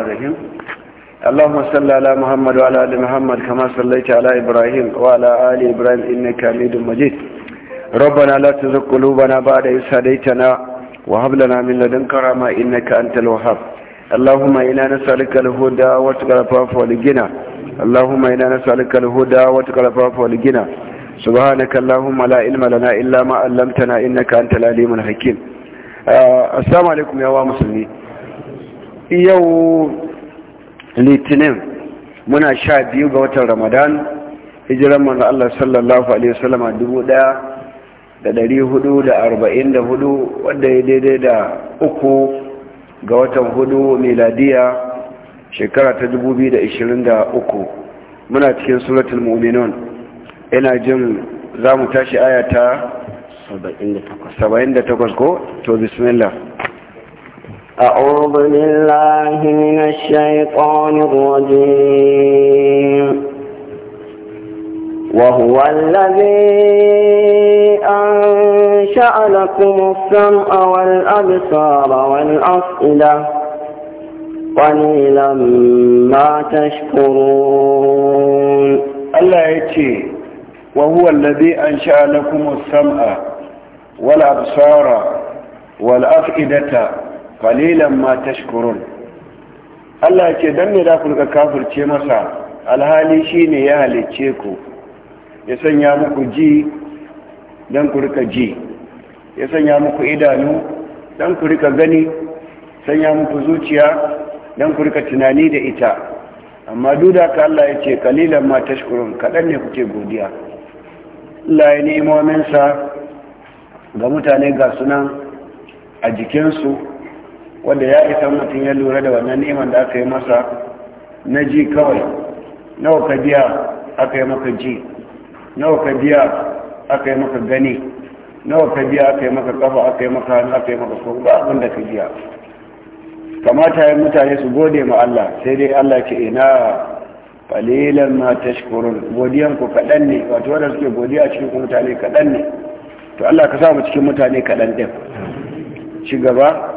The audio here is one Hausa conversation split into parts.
الرحيم اللهم صل على محمد وعلى ال محمد كما صليت على ابراهيم وعلى ال ابراهيم انك حميد مجيد ربنا لا تزغ قلوبنا بعد إذ هديتنا وهب لنا من لدنك رحمة انك انت الوهاب اللهم انا نسالك الهدى واتقى العفاف والغنى اللهم انا نسالك الهدى واتقى العفاف والغنى سبحانك اللهم لا علم لنا الا ما علمتنا انك انت العليم الحكيم السلام عليكم يا مسلمين yau litinin muna sha biyu ga watan ramadan hijiran manzo Allah sallallahu alaihi wasallama dubu daya da dari hudu da arba'in da hudu wadda ya daidai da uku ga watan hudu miladiya shekara ta dubu biyu da ishirin da uku muna cikin suratul mu'minun ina jin za mu tashi aya ta 78 ko to bismillah أعوذ بالله من الشيطان الرجيم وهو الذي أنشأ لكم السمع والأبصار والأفئدة قليلا ما تشكرون الله يتي وهو الذي أنشأ لكم السمع والأبصار والأفئدة qalilan ma tashkurun Allah ce dan me da ku rika kafirce masa alhali shine ya halicce ku ya sanya muku ji dan ku rika ji ya sanya muku idanu dan ku rika gani sanya muku zuciya dan ku rika tunani da ita amma duk da ka Allah ya ce kalilan ma tashkurun kadan ne kuke godiya Allah ya ni'imominsa ga mutane ga sunan a jikinsu wanda ya isa mutum ya lura da wannan neman da aka yi masa na ji kawai nawa ka biya aka yi maka ji nawa ka biya aka yi maka gani nawa ka biya aka yi maka kafa aka yi maka hannu aka yi maka kuma ba abin da ka biya kamata ya mutane su gode ma Allah sai dai Allah ce ina qalilan ma tashkurun godiyan ku kadan ne wato wanda suke godiya cikin mutane kadan ne to Allah ka sa mu cikin mutane kadan din ci gaba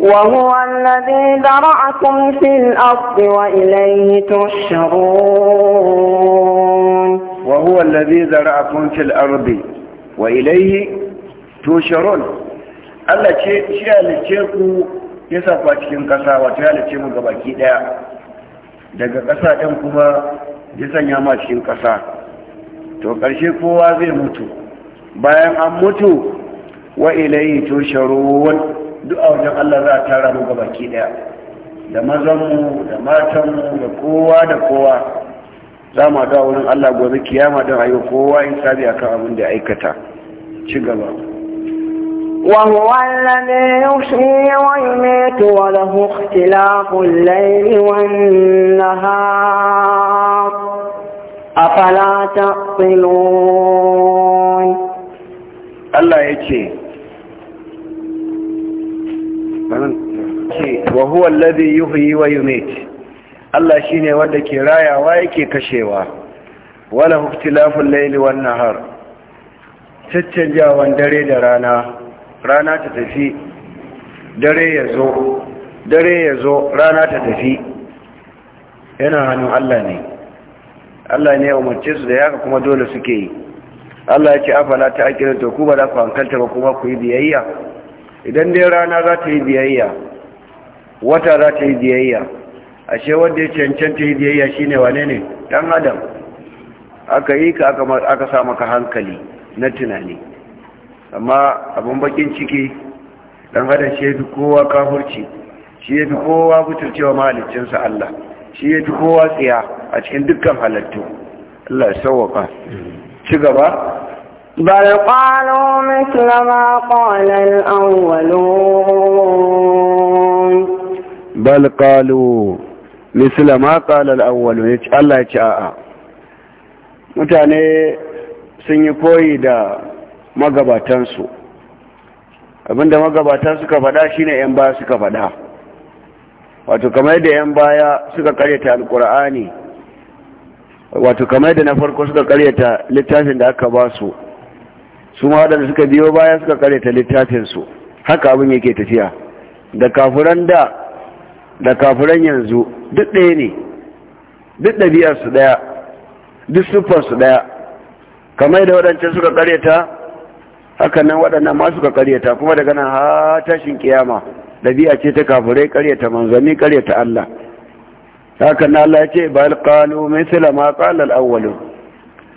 وهو الذي ذرعكم في الأرض وإليه تحشرون وهو الذي ذرعكم في الأرض وإليه تحشرون Allah ce shi halice ku ya safa cikin ƙasa wato ya halice mu ga baki ɗaya daga ƙasa ɗin kuma ya sanya ma cikin ƙasa to ƙarshe kowa zai mutu bayan an mutu wa ilayhi tusharun duk a wajen Allah za a tara mu baki daya da mazanmu da matanmu da kowa da kowa za mu da wurin Allah gobe kiyama don ayo kowa in sabi akan abin da aikata ci gaba وهو الذي يحيي ويميت وله اختلاف الليل والنهار أفلا تعقلون الله يجي wa huwa alladhi yuhyi wa yumeet Allah shine wanda ke rayawa yake kashewa wala al layli an nahar caccanjawan dare da rana rana ta tafi dare ya zo dare yazo rana ta tafi yana hannun Allah ne Allah ne ya umarce su da yaka kuma dole suke yi Allah ya ce afala ta akira to ku ba za ku hankalta ba kuma ku yi biyayya idan dai rana za ta yi biyayya wata za ta yi biyayya ashe wanda ya cancanta yi biyayya shine wane ne dan adam aka yi ka aka sa maka hankali na tunani amma abin bakin ciki dan adam shi ya fi kowa kafurci shi ya fi kowa butulcewa mahaliccinsa Allah shi ya fi kowa tsaya a cikin dukkan halittu Allah ya sauwaka ci gaba بل قالوا مثل ما قال الأولون بل قالوا مثل ما قال الأولون الله يتعاء mutane sun yi koyi da magabatansu abinda magabata suka faɗa shine 'yan baya suka faɗa wato kamar da 'yan baya suka karyata alkur'ani wato kamar da na farko suka karyata littafin da aka ba su su ma waɗanda suka biyo baya suka kareta littafinsu haka abin yake tafiya da kafuran da da kafuran yanzu duk ɗaya ne duk ɗabi'arsu ɗaya duk siffarsu ɗaya kamar da waɗancan suka ta haka nan waɗannan ma suka ta kuma daga nan ha tashin kiyama ɗabi'a ce ta kafurai ta manzanni ta Allah haka nan Allah ya ce bal qalu mithla ma qala al-awwalun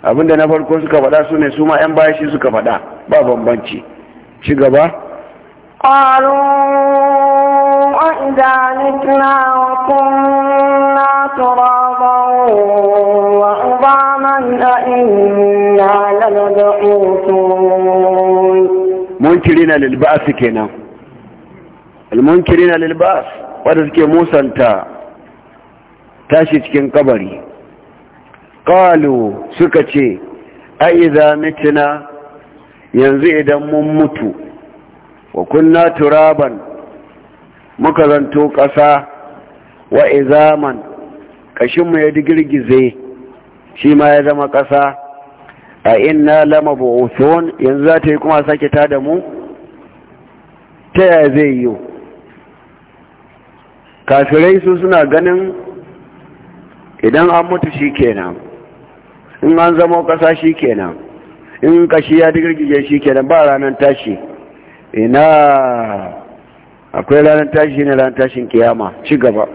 abinda na farko suka faɗa su ne su ma 'yan baya shi suka faɗa ba bambanci ci gaba قالوا أئذا متنا وكنا na وعظاما wadda suke musanta tashi cikin kabari qalu suka ce a mu mitna yanzu idan mun mutu wa kunna turaban muka zanto ƙasa wa izaman kashinmu ya digirgize shi ma ya zama ƙasa a ina lama bu'uthun yanzu za ta yi kuma sake ta da mu ta yaya zai yi kafirai su suna ganin idan an mutu shi kenan in an zama kasa shi kenan in kashi ya digirgije shi kenan ba ranar tashi ina akwai ranar tashi ne ranar tashin kiyama ci gaba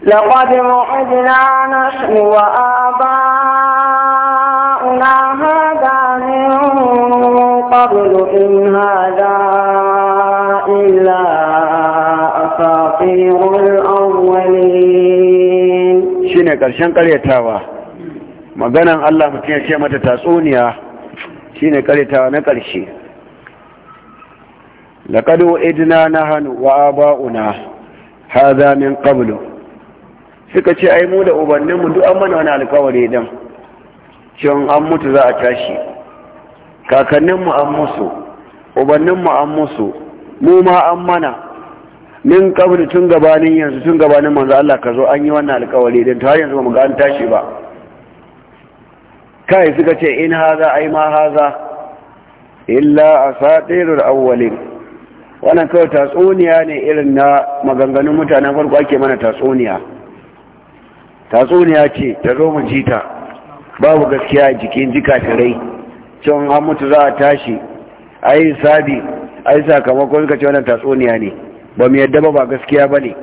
لقد وعدنا نحن وآباؤنا هذا من قبل إن هذا إلا أساطير الأولين شنو karshen karyatawa. maganan Allah mutum ya ce mata tatsuniya shine karitawa na ƙarshe idina na hannu wa aba'una hadha min qablu suka ce ai mu da ubanninmu duk an mana wani alƙawari dan cewa an mutu za a tashi kakanninmu an musu ubanninmu an musu mu ma an mana min kabri tun gabanin yanzu tun gabanin manzo Allah ka zo an yi wannan alƙawari din ta yanzu ba mu ga an tashi ba kai suka ce in haza ai ma haza illa asatirul awwalin wannan kawai tatsuniya ne irin na maganganun mutane farko ake mana tatsuniya tatsuniya ce ta zo mu jita babu gaskiya a jikin jika rai. cewa an mutu za a tashi a yi sabi a yi sakamakon suka ce wannan tatsuniya ne ba mu yadda ba ba gaskiya ba ne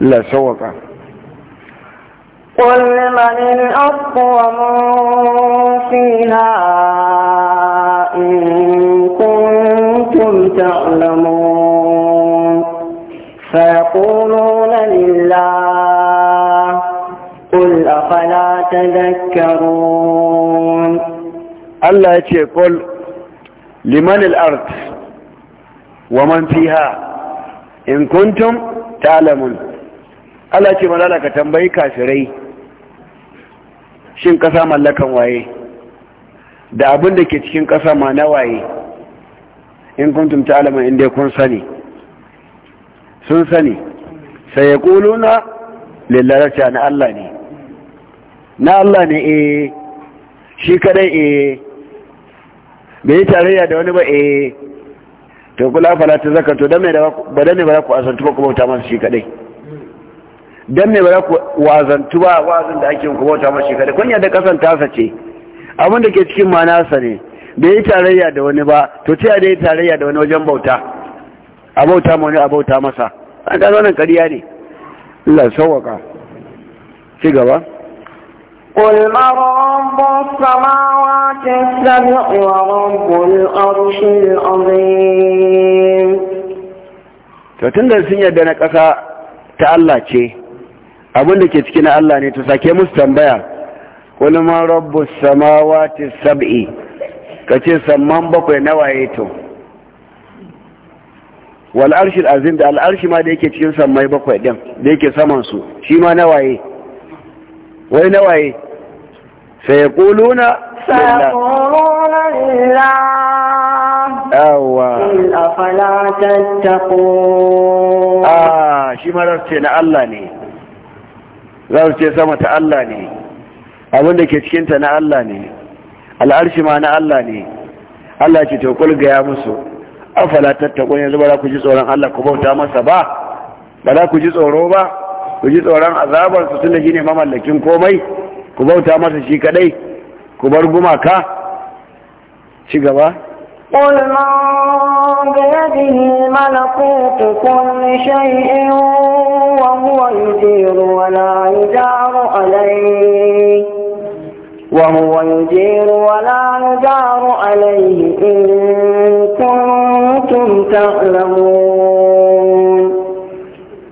lasawaka قل من ومن فيها إن كنتم تعلمون فيقولون لله قل أفلا تذكرون الله يقول لمن الأرض ومن فيها إن كنتم تعلمون Allah ce maza ka tambayi kafirai shin ƙasa mallakan waye da abin da ke cikin ƙasa ma na waye in kuntum alama inda kun sani sun sani sai ya kuluna lillarata na Allah ne na Allah ne eh shi kadai eh bai yi tarayya da wani ba eh to kula fala ta zakato da mai da ba da ne ba ku asantu ba ku bauta masa shi kadai don ne ba ku wazantu ba wazan da ake kuma wata mashi kada kunya da kasan tasa ce abin da ke cikin ma nasa ne bai yi tarayya da wani ba to ta da yi tarayya da wani wajen bauta a bauta ma wani a bauta masa an ka wannan kariya ne Allah sauwaka ci gaba قل من رب السماوات السبع ورب الأرش العظيم to tun da sun yarda na ƙasa ta Allah ce abin da ke ciki na Allah ne to sake musu tambaya wani rabu Samawa ta sab'i ka ce samman bakwai na waye to wal arshi azim da al'arshi ma da yake cikin sammai bakwai din da yake saman su shi ma na waye wai na waye sai kuluna sayaquluna lillah awwa afala tattaqun ah shi marar ce na Allah ne za su ce sama ta Allah ne abin da ke cikinta na Allah ne al'arshi ma na Allah ne Allah ce to gaya musu afala tattaqun yanzu ba za ku ji tsoron Allah ku bauta masa ba ba za ku ji tsoro ba ku ji tsoron azabar su shi ne mamallakin komai ku bauta masa shi kaɗai? ku bar gumaka ci gaba قل من بيده ملكوت كل شيء وهو يجير ولا يجار عليه وهو يجير ولا يجار عليه إن كنتم تعلمون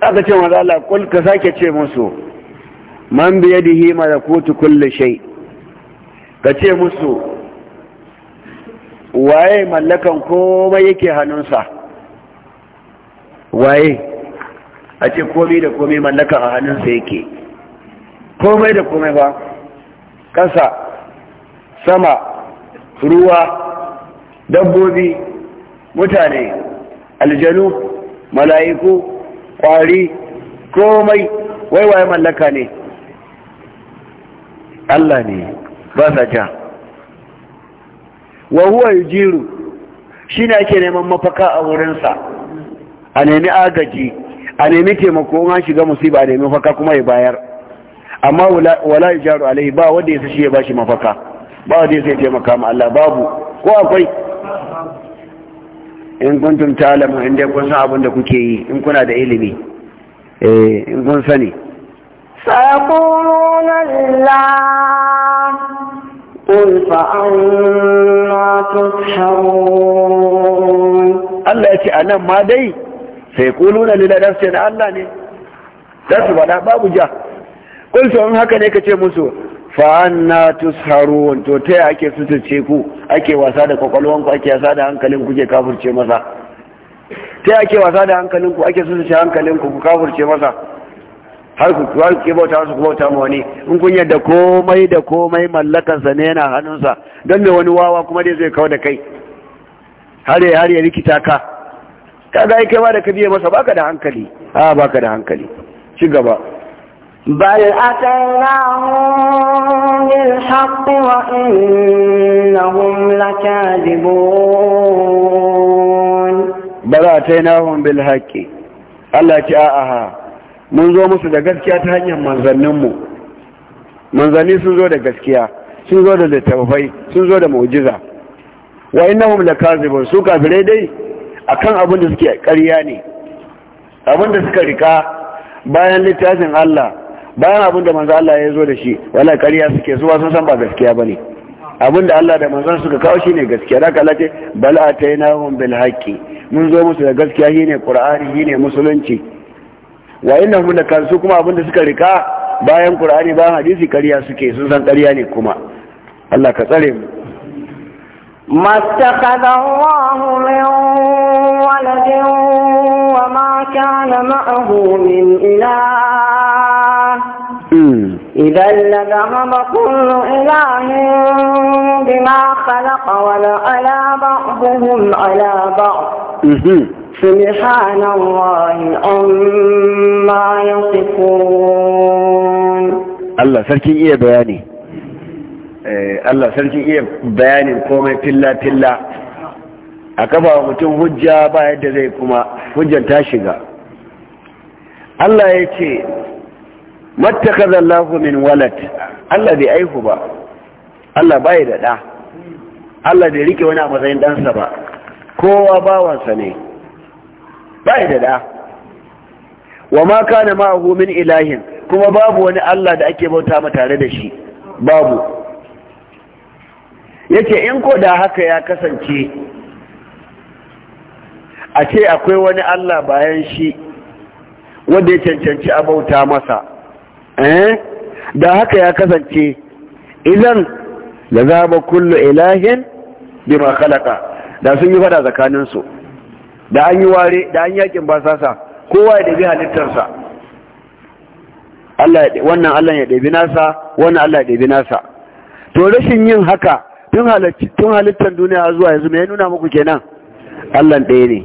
هذا كما قال Allah kul ka sake ce musu man biyadihi malakutu kulli shay ka waye mallakan komai yake hannunsa waye a ce komai da komai mallakan a hannunsa yake komai da komai ba ƙasa sama ruwa dabbobi mutane aljanu mala'iku ƙwari komai waiwaye mallaka ne Allah ne ba sa jan wa huwa yujiru shine ake neman mafaka a wurinsa a nemi agaji a nemi taimako ma shiga musiba a nemi mafaka kuma ya bayar amma wala yujaru alaihi ba wanda ya shi ya bashi mafaka ba wanda ya taimaka ma Allah babu ko akwai in kuntum ta'lamu inda kun san abin da kuke yi in kuna da ilimi eh in kun sani sayaquluna lillah قل فأنا تسحرون الله يتي أنا ما دي سيقولون للنفس أن الله ني تسوى لا باب جا قل فأنا هكا نيكا مسو فأنا تسحرون تو تي أكي ستتشيكو أكي وسادة كوكالوانكو أكي وسادة أنكالينكو جي كافر شي مسا تي أكي wasa da hankalinku ake su su ci hankalinku ku kafurce masa har ku kuwa ke bauta su bauta ma wani in kun yadda komai da komai mallakansa ne yana hannunsa don me wani wawa kuma dai zai kawo da kai har ya har ya rikita ka kaga ai kai ba da kabiye masa baka da hankali a baka da hankali ci gaba innahum lakadibun bal وإنهم bil haqq Allah ya ce a'a mun zo musu da gaskiya ta hanyar manzanninmu manzanni sun zo da gaskiya sun zo da littattafai sun zo da mu'jiza wa innahum lakazibun su kafirai dai akan abin da suke ƙarya ne abin da suka rika bayan littafin Allah bayan abin da manzo Allah ya zo da shi wala ƙarya suke zuwa sun san ba gaskiya bane abin da Allah da manzon suka kawo shi ne gaskiya da kala ce bal atainahum bil haqqi mun zo musu da gaskiya shine qur'ani shine musulunci wa kan su kuma da suka rika bayan qur'ani bayan hadisi karya suke sun san ƙarya ne kuma Allah ka tsare mu مَتَّخَذَ da مِنْ وَلَدٍ وَمَا كَانَ إذا لذهب كل إله بما خلق ولعلى بعضهم على بعض سبحان الله عما يصفون الله سركي إيه بياني Allah Sarkin iya bayanin komai filla-filla a wa mutum hujja ba yadda zai kuma hujjar ta shiga Allah ya ce mattakaza Allahu min walad Allah bai aihu ba Allah bai da ɗa Allah bai rike wani a matsayin ɗansa ba kowa bawansa ne bai da ɗa wa ma kana ma'ahu min ilahin kuma babu wani Allah da ake bauta ma tare da shi babu yace in ko da haka ya kasance a ce akwai wani Allah bayan shi wanda ya cancanci a bauta masa Eh? da haka ya kasance idan da zaba kullu ilahin ma khalaqa da sun yi fada tsakaninsu da an yi ware da an yakin sasa kowa ya dabi halittarsa wannan Allah ya dabi nasa wannan Allah ya dabi nasa to rashin yin haka tun halittar duniya zuwa yanzu mai nuna muku kenan Allah ɗaya ne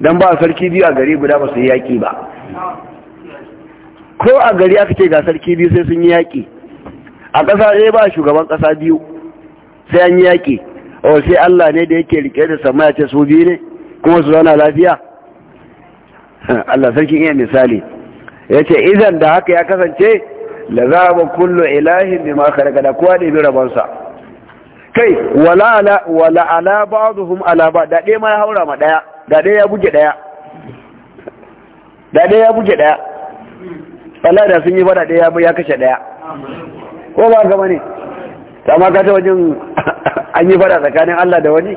don ba sarki biyu a gari guda ba su yaki ba ko a gari aka ce ga sarki biyu sai sun yi yaƙi a ƙasa ɗaya ba shugaban ƙasa biyu sai an yi yaƙi o sai Allah ne da yake rike da sama ya ce su biyu ne kuma su zauna lafiya Allah sarki iya misali ya ce idan da haka ya kasance la a kullu ilahin bima khalaqa da kowa ne bi rabonsa kai wala ala ba su ba'dhum ala ba da ɗaya ma ya haura ma ɗaya da ɗaya ya buge ɗaya da ɗaya ya buge ɗaya Allah da sun yi fada ɗaya ya kashe ɗaya ko ba gama ne amma ka ta wajen an yi fada tsakanin Allah da wani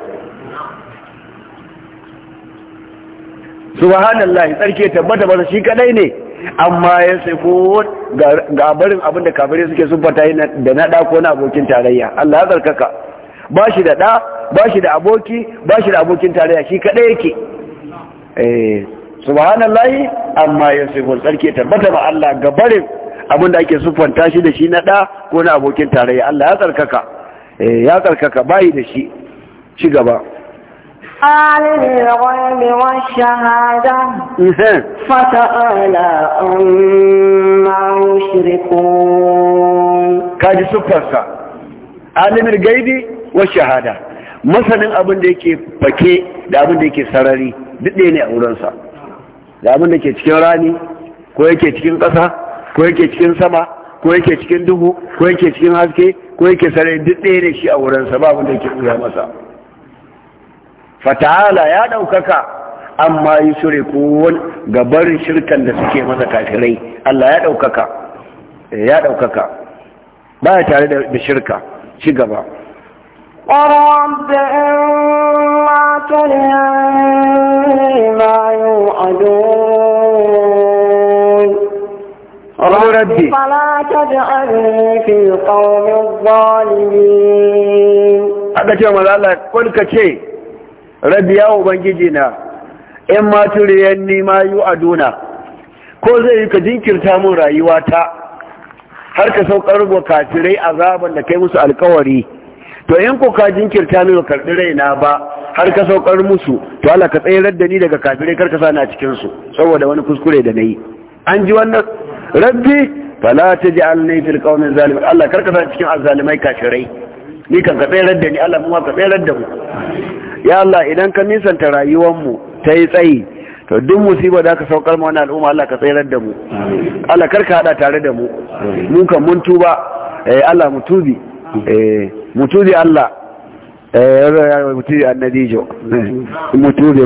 subhanallah tsarki tabbata ba shi kadai ne amma ya sai ko ga barin abin da kafirai suke sunfata da na ɗa ko na abokin tarayya Allah ya tsarkaka ba shi da ɗa ba shi da aboki ba shi da abokin tarayya shi kadai yake eh subhanallahi amma yasifun sarki tabbata ba Allah ga bare abin da ake sufanta shi da shi na ɗa ko na abokin tarayya Allah ya tsarkaka eh, ya tsarkaka bayi da shi ci gaba عالم الغيب والشهادة فتعالى أما يشركون كاد سفرسا عالم الغيب والشهادة مثلا shahada. Masanin abin da abin da yake sarari duk ne a wurinsa da abin da ke cikin rani ko yake cikin ƙasa ko yake cikin sama ko yake cikin duhu ko yake cikin haske ko yake sarai duk ɗaya da shi a wurinsa ba abin da ke ɓuya masa fata'ala ya ɗaukaka amma yi sure kowon gabarin shirkan da suke masa kafirai Allah ya ɗaukaka ya ɗaukaka ba ya tare da shirka ci gaba قل رب إما تريني ما يوعدون رب فلا تجعلني في الظالمين haka ce malala ce rabbi ya ubangiji na 'yan maturiyar turiyan yi a aduna ko zai yi ka jinkirta mun rayuwata har ka saukar wa kafirai azaban da kai musu alkawari to yan ko ka jinkirta min karbi raina ba har ka saukar musu to Allah ka tsayar da ni daga kafirai kar ka sa na cikin su saboda wani kuskure da nayi an ji wannan rabbi fala taj'alni fil qawmi zalim Allah kar ka sa cikin azzalimai kafirai ni kan ka tsayar da ni Allah kuma ka tsayar da mu ya Allah idan ka nisanta rayuwar mu ta yi tsayi to duk musiba da ka saukar ma wannan al'umma Allah ka tsayar da mu Allah kar ka hada tare da mu mu kan mun tuba eh Allah mu tubi eh متودي الله إيه، متودي النديجو إيه، متودي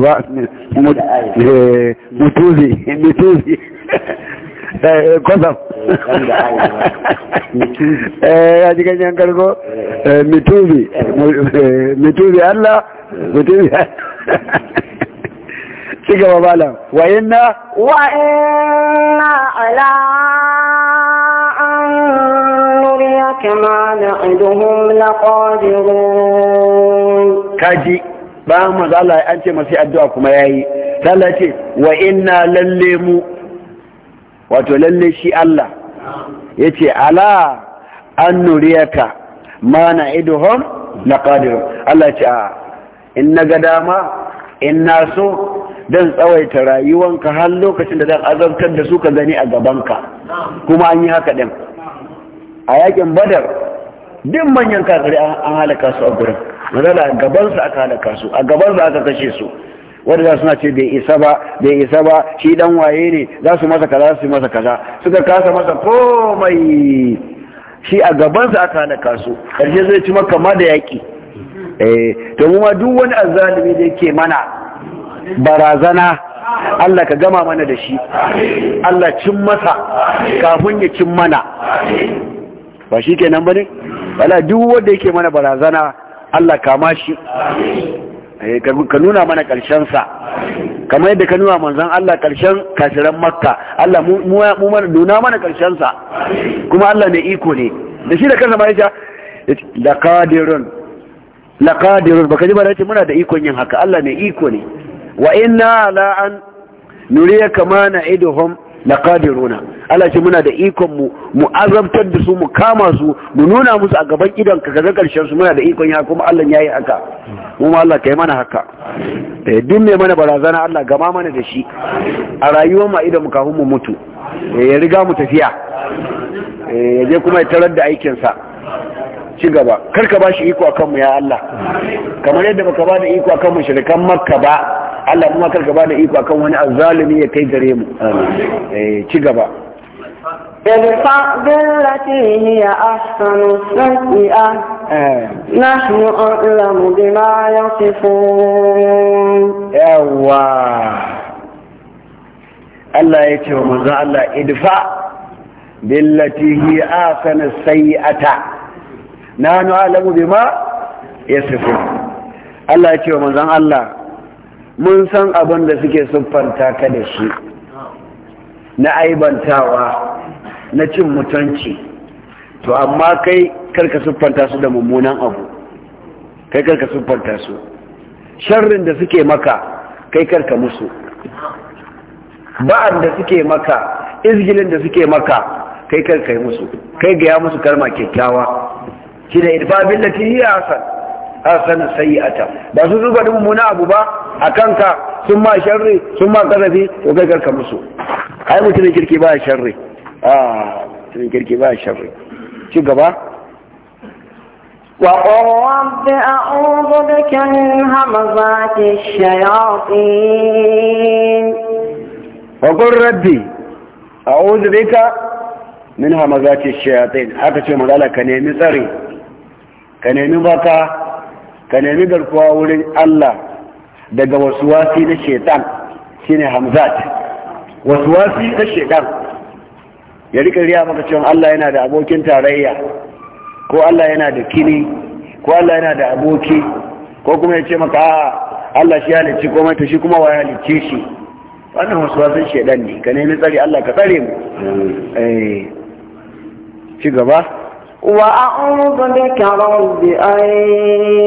متودي متودي قصف هذه كان ينكرقو إيه، متودي متودي الله متودي تيجي بابا وإن وإن لا كما نعدهم لقادرون bayan an ce masa addu'a kuma yayi Allah ce wa inna lalle mu wato lalle shi Allah yace ala an nuriyaka ma na iduhum la qadirun Allah ce a in na ga dama in na so dan tsawaita rayuwanka har lokacin da zan azabtar da su ka gani a gabanka kuma an yi haka din a yakin badar din manyan kakari an halaka su a gurin mazala gabansu aka halaka su a gabansu aka kashe su wadda za suna ce bai isa ba bai isa ba shi dan waye ne za su masa kaza su masa kaza suka kasa masa komai shi a gabansu aka halaka su karshe zai ci maka ma da yaƙi eh to mu ma duk wani azzalimi da yake mana barazana Allah ka gama mana da shi Allah cin masa kafin ya cin mana ba shi kenan ba ne wala duk wanda yake mana barazana Allah kama shi eh, ka nuna mana sa kamar yadda ka nuna manzan Allah ƙarshen kasiran makka Allah mu nuna mana sa kuma Allah ne iko ne da shi da kansa ma ya ce laqadirun laqadirun baka ji ba ce muna da ikon yin haka Allah ne iko ne wa inna la an nuriyaka ma na'iduhum laqadiruna Allah ce muna da ikon mu mu azabtar da su mu kama su mu nuna musu a gaban idon ka ga karshen su muna da ikon ya kuma Allah yayi haka mu ma Allah kai mana haka eh duk mai mana barazana Allah gama mana da shi a rayuwar mu idan mu kafin mu mutu eh, ya riga mu tafiya eh, ya je kuma ya tarar da aikin sa ci gaba kar ba shi iko akan mu ya Allah kamar yadda baka ba da iko akan mushrikan makka ba Allah kuma kar gaba da iko kan wani azzalimi ya kai gare mu eh ci gaba Irfa billati hiya ahsanu sayi'a eh. nahnu a'lamu bima yasifun yawa Allah ya ce wa manzo Allah idfa billati hiya ahsanu sayi'ata nahnu a'lamu bima yasifun Allah ya ce wa manzon Allah mun san abin da suke siffanta ka da shi na aibantawa na cin mutunci to amma kai karka siffanta su da mummunan abu kai karka siffanta su sharrin da suke maka kai karka musu ba'an da suke maka izgilin da suke maka kai karka yi musu kai gaya musu karma kyakkyawa shi da irfa billati hiya asal hasana sayi'ata ba su zuba din muna abu ba a kanka sun ma sharri sun ma kazafi to kai karka musu ai mutumin kirki ba sharri ah mutumin kirki ba sharri ci gaba وقل رب أعوذ بك من همزات الشياطين وقل Rabbi أعوذ بك min hamazati shayatin haka ce malala ka nemi tsari ka nemi baka ka nemi garkuwa wurin Allah daga wasu wasi na shaitan shine hamzat wasi na shaitan ya rika riya maka cewa Allah yana da abokin tarayya ko Allah yana da kini ko Allah yana da aboki ko kuma ya ce maka a Allah shi halicci ko mai shi kuma wa halicce shi wannan wasu wasuwasin shaitan ne ka nemi tsari Allah ka tsare mu eh ci gaba وأعوذ بك رب أن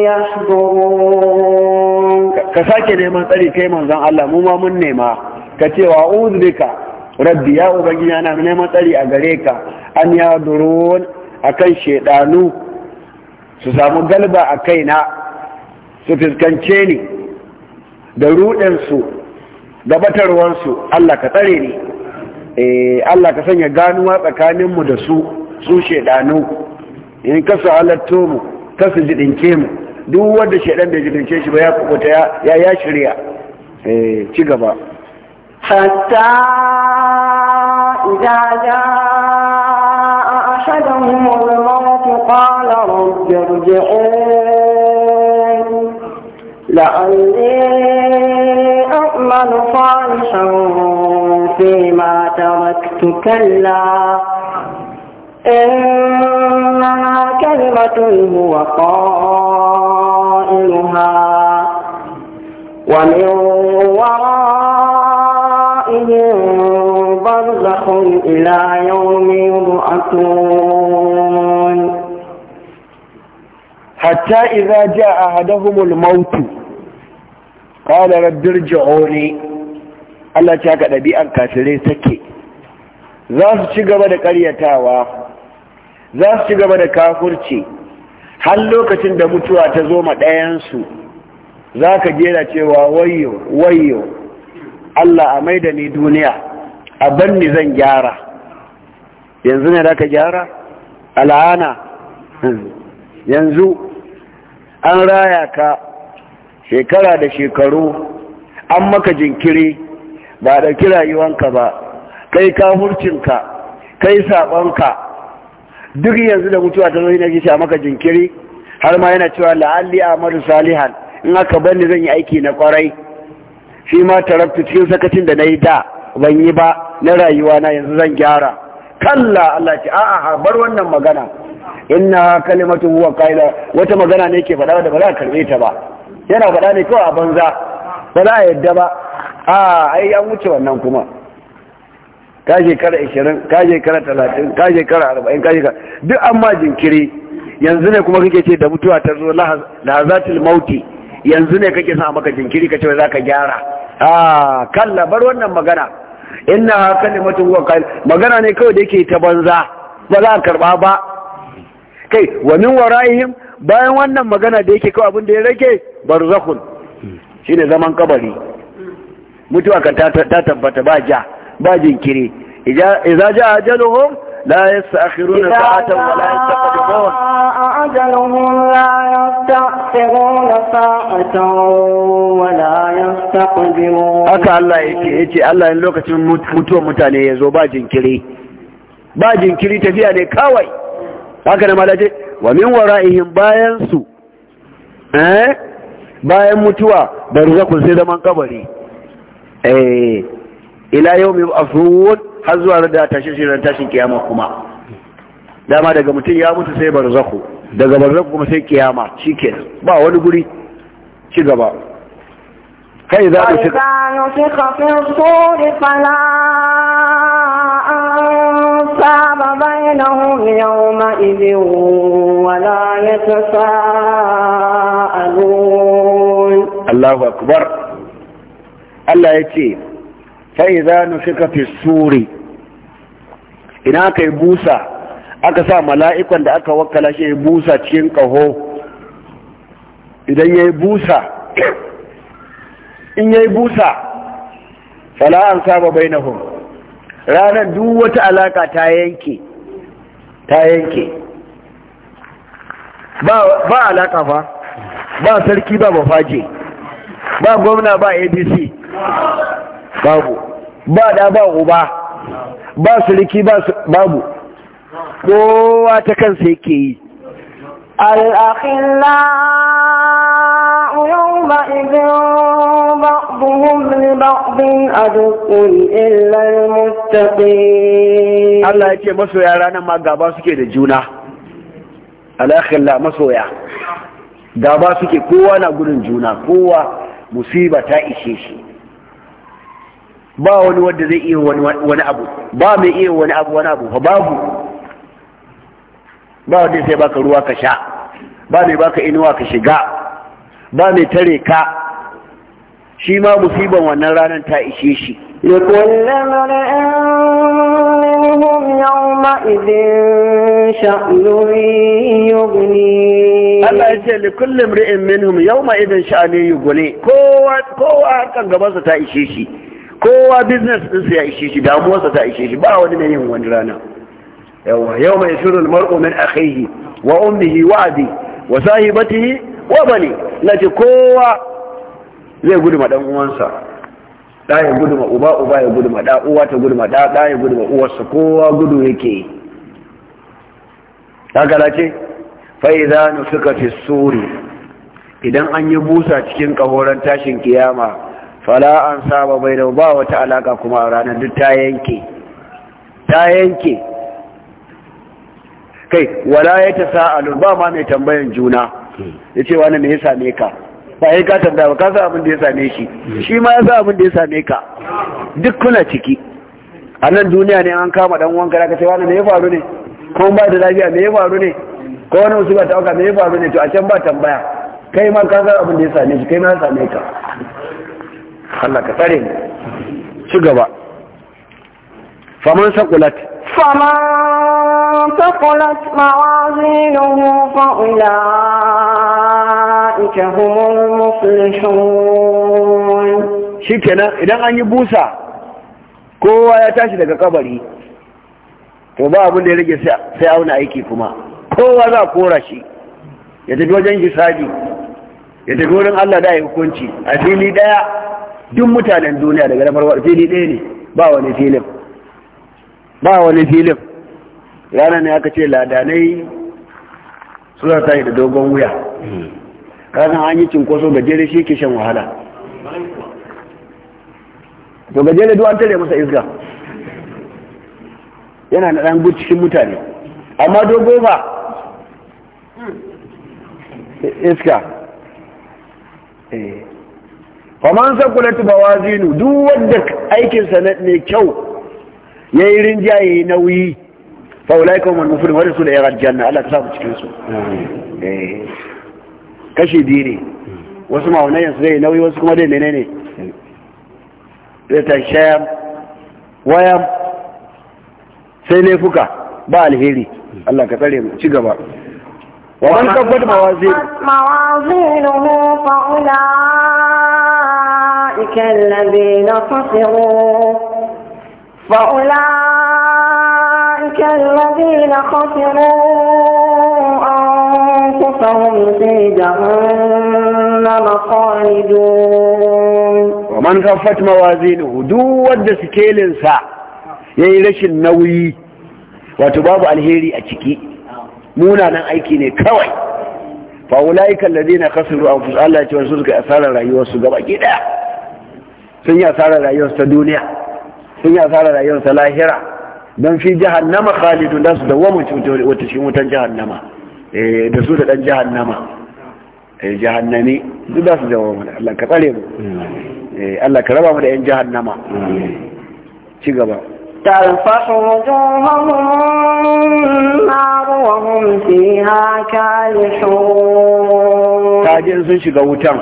يحضرون كساكي نيمان تري كيمان زان الله مما من نيما كتي وأعوذ بك rabbi ya ubangiji ana neman tsari a gare ka an ya duron akan shedanu su samu galba a kaina su ni da ruɗinsu da batarwansu Allah ka tsare ni eh, Allah ka sanya ganuwa tsakaninmu da su su shaidanu in kasu halatto mu kasu jidinke mu duk wanda shaidan bai jidinke shi ba ya kubuta ya ya shirya eh ci gaba hatta idza jaa ahaduhum al-maut qala rabbi irji'un la'alli a'malu salihan فيما تركت kalla. إنها كلمة هو قائلها ومن ورائهم برزخ إلى يوم يبعثون حتى إذا جاء أحدهم الموت قال رب ارجعوني الله ta ga ɗabi'ar kafirai ذات za su ci za su ci gaba da kafurci har lokacin da mutuwa ta zo ma ɗayansu za ka jera cewa wayo wayo Allah a da ni duniya a ban zan gyara yanzu ne da ka gyara al'ana hmm. yanzu an raya ka shekara da shekaru an maka jinkiri ba da rayuwarka ba kai kafurcinka kai ka. duk yanzu da mutuwa ta zo yana gishi a maka jinkiri har ma yana cewa la'alli maru salihan in aka bani zan yi aiki na kwarai shi ma tarabtu cikin sakacin da na yi da ban yi ba na rayuwa na yanzu zan gyara kalla Allah ce a'a bar wannan magana inna kalimatun huwa qaila wata magana ne ke faɗa da ba za a karbe ta ba yana faɗa ne kawai a banza ba za a yadda ba a ai an wuce wannan kuma ka shekara 20 ka shekara 30 ka shekara 40 ka shekara duk amma jinkiri yanzu ne kuma kake ce da mutuwa ta zo lahazatul mauti yanzu ne kake sa maka jinkiri kace za ka gyara ah kalla bar wannan magana inna kalimatu huwa qal magana ne kawai da yake ta banza ba za ka karba ba kai wa min waraihim bayan wannan magana da yake kawai abin da ya rage barzakhun shine zaman kabari mutuwa kan ta tabbata ba ja ba jinkiri idza jaa ajaluhum la yasta'khiruna sa'atan wa la yastaqdimun ajaluhum la yasta'khiruna sa'atan wa la yastaqdimun haka Allah yake yace Allah in lokacin mutuwar mutane yazo ba jinkiri ba jinkiri tafiya ne kawai haka da malaje wa min wara'ihim bayan su eh bayan mutuwa barzakun sai zaman kabari eh ila yau mai afuwar har zuwa da tashin shirin tashin kiyama kuma dama daga mutum ya mutu sai barzaku daga barzaku kuma sai kiyama shi ba wani guri ci gaba kai za a shiga أنصاب بينهم يومئذ ولا Allahu الله Allah ya ce. sai za nufika fi suri ina ka yi busa aka sa mala'ikon da aka wakala shi busa cikin ƙaho idan ya yi busa in ya yi busa fala'an saba bai na ranar duk wata alaƙa ta yanke ta yanke ba alaƙa ba, ba sarki ba mafaje ba gwamna ba abc babu ba da ba uba ba su riki babu kowa ta kansa ke yi al'akila yau ba idan ba'abin adukun ilal mustaɓe Allah ya ce masoya ranar ma gaba suke da juna al'akila masoya gaba suke kowa na gudun juna kowa musibata ishe shi ba wani wanda zai iya wani abu ba mai iya wani abu wani abu babu ba wanda sai baka ruwa ka sha ba mai baka inuwa ka shiga ba mai tare ka shi ma musiban wannan ranar ta ishe shi Allah ya ce likullum ri'in minhum yau idan sha'ani yuguni kowa kowa harkan gabansa ta ishe shi kowa business ɗinsa ya ishe shi damuwarsa ta ishe shi ba wani mai yin wani rana yawa yau mai shirin mar'u min akhihi wa ummihi wa abi wa sahibatihi wa bani nace kowa zai gudu ma dan uwansa da ya gudu ma uba uba ya gudu ma da uwa ta gudu ma da da ya gudu ma uwarsa kowa gudu yake kaga lace fa idza suka fi suri idan an yi busa cikin kahoran tashin kiyama fala an saba bai da ba wata alaka kuma a ranar duk ta yanke ta yanke kai wala ya ta sa'alun ba ma mai tambayan juna ya ce wani mai ya same ka ba ya ka tambaya ba ka sa abin da ya same shi shi ma ya sa abin da ya same ka duk kuna ciki a nan duniya ne an kama dan wanka ka ce wani mai ya faru ne ko ba da lafiya mai ya faru ne ko wani musu ba ta waka mai ya faru ne to a can ba tambaya kai ma ka sa abin da ya same shi kai ma ya same ka Allah ka tsare mu ci gaba faman sakulat faman sakulat mawazinuhu fa ulaika humul muflihun shikenan idan an yi busa kowa ya tashi daga kabari to ba abin da ya rage sai auna aiki kuma kowa za a kora shi ya tafi wajen gisaji ya tafi wurin Allah da ya hukunci a fili daya duk mutanen duniya daga na wa fili ɗaya ne ba wani filin ba wani filin ranar ne aka ce ladanai suna tashi da dogon wuya kasan an yi cinkoso gajere shi ke shan wahala to gajere duk an tare masa isga yana na ɗan cikin mutane amma dogo ba iska eh faman sakulat bawazinu duk wanda aikinsa na mai kyau ya yi rinjaye nauyi faulaika mun mufrin wani su da ya janna Allah ta samu cikin su eh, kashi biyu ne wasu maunayen yanzu zai nauyi wasu kuma dai menene zai shayar, wayam sai ne fuka ba alheri Allah ka tsare mu ci gaba ومن mawazinu mawazinu. فأولئك أولئك الذين خسروا فأولئك الذين خسروا أنفسهم في جهنم خالدون ومن خفت موازينه دو سكيل ساعة يعني ليش النوي وتباب الهيري أتشكي مونا نا أيكي نكوي فأولئك الذين خسروا أنفسهم الله يتوسل أثار رأيوه سجبا كده sun yi asarar rayuwarsa ta duniya sun yi asarar rayuwarsa ta lahira don fi jahannama khalidu da su dawwama wata shi wutan jahannama eh, da su da dan jahannama eh, jahannami duk da su mu Allah ka tsare mu eh, Allah ka raba mu da yan jahannama ci gaba تلفح وجوههم النار وهم فيها كالحون تاجين سن shiga wutan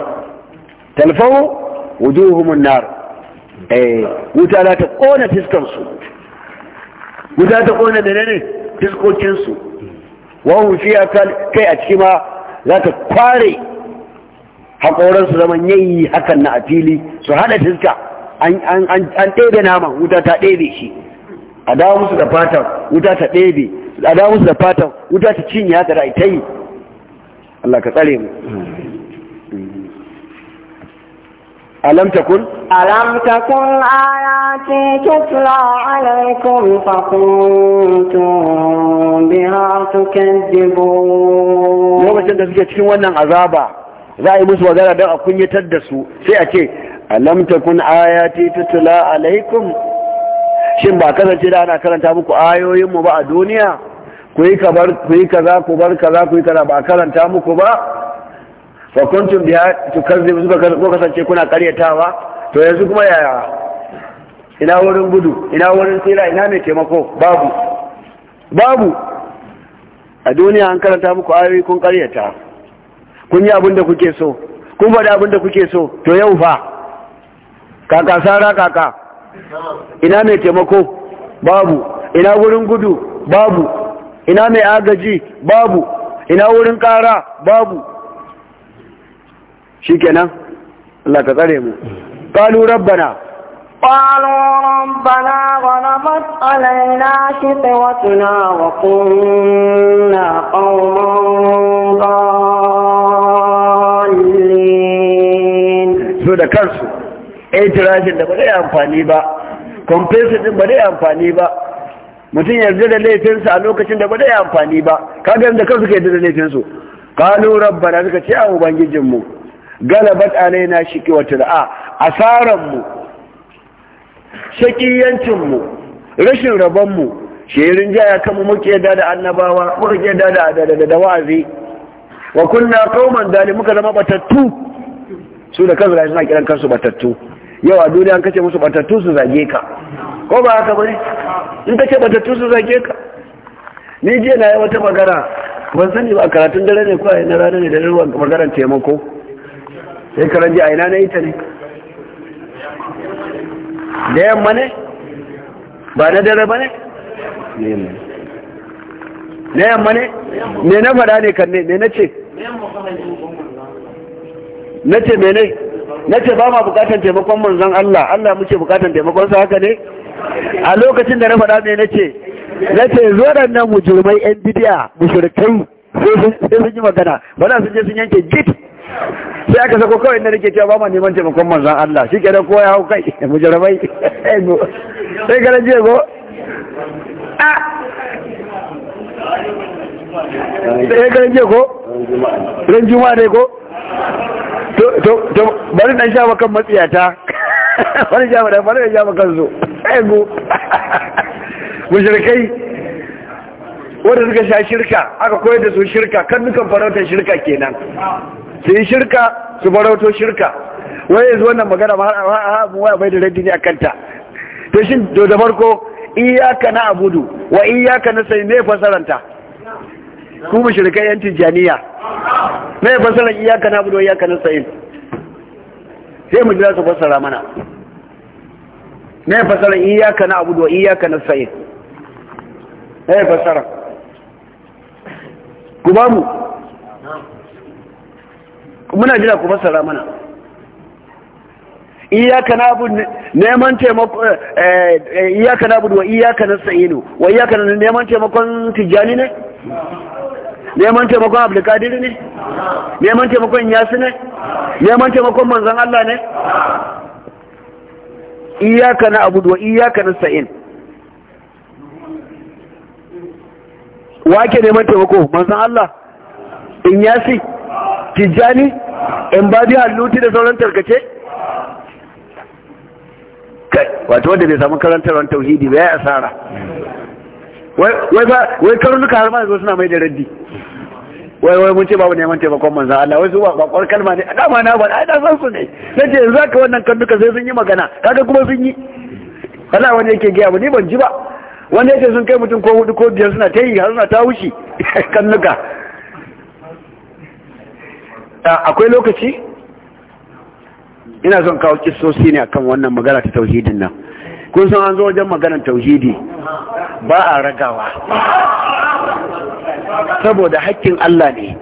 talfau wujuhumun nar eh wuta za ta kona fiskansu wuta ta kona da ne fiskokinsu wahun fiya kai a cikin ma za ta kware su zaman yayi hakan na a fili su haɗa fiska an ɗebe naman wuta ta ɗebe shi a dawo musu da fatan wuta ta ɗebe a dawo musu da fatan wuta ta cinye haka da ita yi Allah ka tsare mu alam takun alam takun ayati tusla alaykum faqutum biha tukadibun yau bashin da suke cikin wannan azaba za a yi musu wazara don a kunyatar da su sai a ce alam takun ayati tusla alaykum shin ba kasance da ana karanta muku ayoyinmu mu ba a duniya ku yi kaza ku bar kaza ku yi kaza ba karanta muku ba wa kuntum biha tukazzibu suka ko kasance kuna karyatawa to yanzu kuma yaya ina wurin gudu ina wurin tsira ina mai taimako babu babu a duniya an karanta muku ayoyi kun karyata kun yi abin da kuke so kun faɗi abin da kuke so to yau fa kaka sara kaka ina mai taimako babu ina wurin gudu babu ina mai agaji babu ina wurin ƙara babu shikenan Allah ka tsare mu qalu rabbana قالوا alaina shi علينا شقوتنا وكنا قوما ضالين su da kansu aitirashin da ba zai amfani ba kwamfesa din ba zai amfani ba mutum yarda da laifinsa a lokacin da ba zai amfani ba kaga da kansu ke yarda da laifinsu rabba rabbana suka ce a ubangijinmu galabat alaina shiki wa tir'a asaran mu shakiyancin mu rashin rabonmu, mu shirin jaya kama muke yadda da annabawa muke yadda da da da wa'azi wa kunna kauman dali muka zama batattu su da kansu suna kiran kansu batattu yau a duniya an kace musu batattu su zage ka ko ba haka bane in kace batattu su zage ka ni je na yi wata magana ban sani ba karatun dare ne ko na rana ne da ruwan maganar taimako sai karan ji a ina na ita ne da yamma ne ba na dare ba ne na yamma ne me na fada ne kan ne me na ce na ce me ne na ce ba ma bukatan taimakon manzan Allah Allah mu ce bukatan taimakon sa haka ne a lokacin da na faɗa ne na ce na ce zoran nan mujurmai yan bidiya mushrikai sai sun yi magana ba za su je sun yanke git sai aka sako kawai na rike cewa ba ma neman taimakon manzan Allah shi kenan ko ya hau kai ego sai gara jiya go ah! sai sai gara jiya ko ran juma'a ne go to bari dan sha makan matsiyata bari sha makan bari sha makan zo ego go wanda suka sha shirka aka koyar da su shirka kan nukan farautar shirka kenan su yi shirka su farauto shirka wai yanzu wannan magana ba har abu bai da raddi ne a kanta to shi da farko iyaka na abudu wa iyaka na sai me fasaranta ku shirka yan tijaniya me fasaran iyaka na abudu wa iyaka na sai sai mu jira su fasara mana me fasaran iyaka na abudu wa iyaka na sai me fasaran ku ba mu muna jira ku fassara mana iyaka nabud neman taimako eh, eh, iyaka nabud wa iyaka nasta'inu wa iyaka neman taimakon tijani ne neman taimakon abdulkadir ne neman taimakon yasu ne neman taimakon manzon Allah ne iyaka na abudu wa iyaka nasta'in wa ke neman taimako manzon Allah in yasi tijani in ba biya halluti da sauran tarkace kai wato wanda bai samu karantarwar tauhidi ba ya asara wai karnuka har ma suna mai da raddi wai wai mun ce babu neman taimakon manza Allah wai su ba kwakwar kalma ne dama na ba ai da san su ne nace yanzu ka wannan karnuka sai sun yi magana kaga kuma sun yi Allah wani yake gaya ba ni ban ji ba wani yake sun kai mutum ko hudu ko biyar suna ta yi har suna ta wuce karnuka akwai lokaci ina son kawo kisosi ne akan wannan magana ta tauhidin nan kun san an zo wajen maganar tauhidi ba a ragawa saboda haƙƙin Allah ne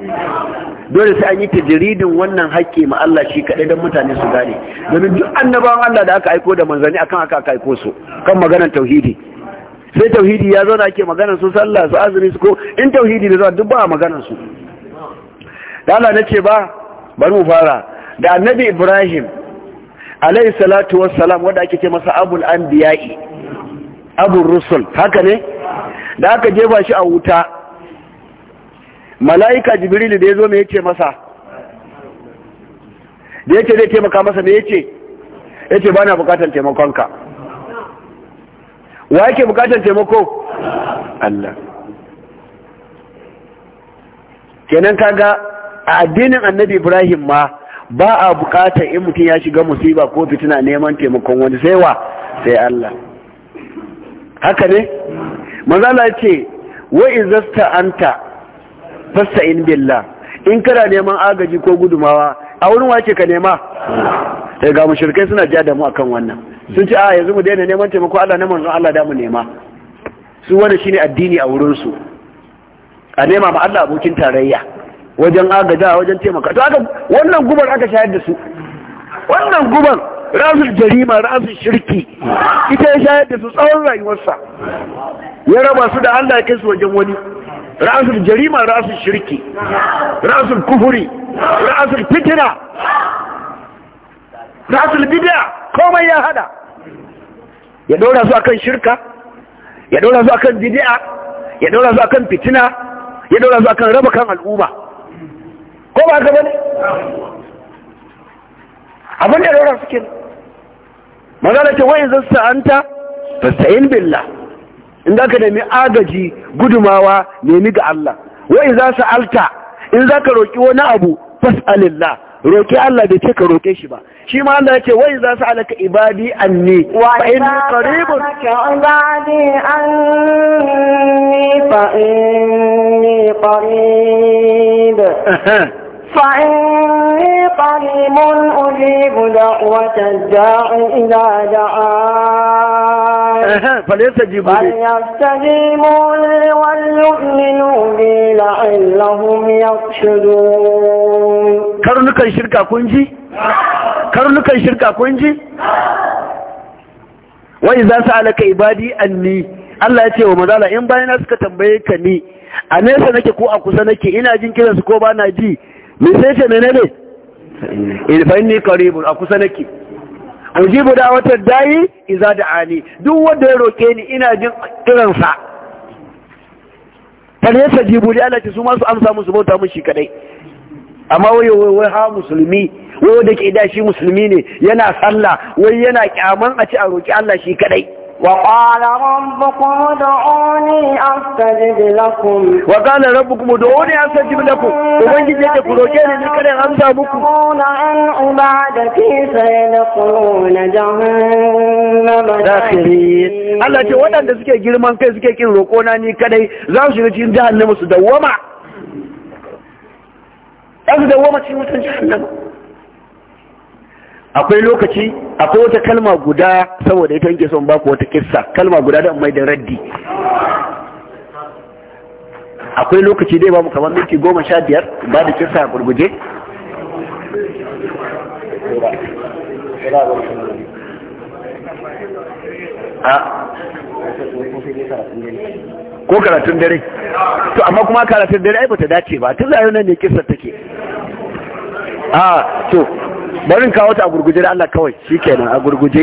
dole sai an yi tajiridin wannan haƙƙi ma Allah shi kaɗai don mutane su gane domin duk annabawan Allah da aka aiko da manzanni akan aka aka aiko su kan maganar tauhidi sai tauhidi ya zauna ake maganar su sallah su azumi su ko in tauhidi da zuwa duk ba a maganar su dala na ce ba bari mu fara da annabi ibrahim alayhi salatu wassalam wanda ake ce masa abul anbiya'i abul rusul haka ne da aka jefa shi a wuta mala'ika jibril da ya zo yace masa da yace zai taimaka masa mai yace yace bana na taimakon ka. wa yake bukatar taimako Allah kenan kaga a addinin annabi ibrahim ma ba a bukata in mutum ya shiga musiba ko fitina neman taimakon wani sai wa sai Allah haka ne mazala ce wa izasta anta in billah in kana neman agaji ko gudumawa a wurin wace ka nema sai ga mushrikai suna ja da mu akan wannan sun ce a yanzu mu daina neman taimako Allah na manzon Allah da mu nema su wannan shine addini a wurin su a nema ma Allah abokin tarayya wajen agaja wajen taimaka to aka wannan gubar aka shayar da su wannan gubar rasul jarima rasul shirki ita ya shayar da su tsawon rayuwarsa ya raba su da Allah ya kai su wajen wani rasul jarima rasul shirki rasul kufuri rasul fitina rasul bid'a komai ya hada ya dora su akan shirka ya dora su akan bid'a ya dora su akan fitina ya dora su akan raba kan al'umma ko ba ka bane abin da rora suke magana ce wai zan sa'anta fasta'in billah in za ka nemi agaji gudumawa nemi ga Allah wai za alta in za ka roƙi wani abu fas'alillah roƙi Allah bai ce ka roƙe shi ba shi ma Allah ce wai za su alaka ibadi anni wa in qaribun ka ibadi anni fa inni qarib فإني قريب أجيب دعوة الداع إذا دعان فليستجيبوا لي وليؤمنوا بي لعلهم يرشدون karnukan shirka kun ji karnukan shirka kun ji wai za su alaka Allah ya ce wa mazala in bayana suka tambaye ka ni a nesa nake ko a kusa nake ina jin kiransu ko ba na ji min sai ce menene eh, fa inni a kusa nake ujibu da wata dayi iza da ani duk wanda ya roke ni ina jin kiransa kan yasa jibuli Allah ce su ma su amsa musu bauta mun shi kadai amma wai wai ha musulmi wai da ke da shi musulmi ne yana sallah wai yana kyaman a ci a roki Allah shi kadai وقال ربكم ادعوني استجب لكم وقال ربكم ادعوني استجب لكم ومن جدك فروجين لكن امسى بكم عن عبادتي سيدخلون جهنم داخلين الله ce waɗanda suke girman kai suke kin roƙona ni kadai za su shiga cikin jahannama su dawwama za su dawwama akwai lokaci akwai wata kalma guda saboda ita yake son baku wata kissa kalma guda da mai da raddi akwai lokaci dai babu kamar minti goma sha biyar ba da kissa a gurguje ko karatun dare to amma kuma karatun dare ai bata dace ba tun zayo nan ne kissa take a to barin kawo ta a gurguje da Allah kawai shikenan a gurguje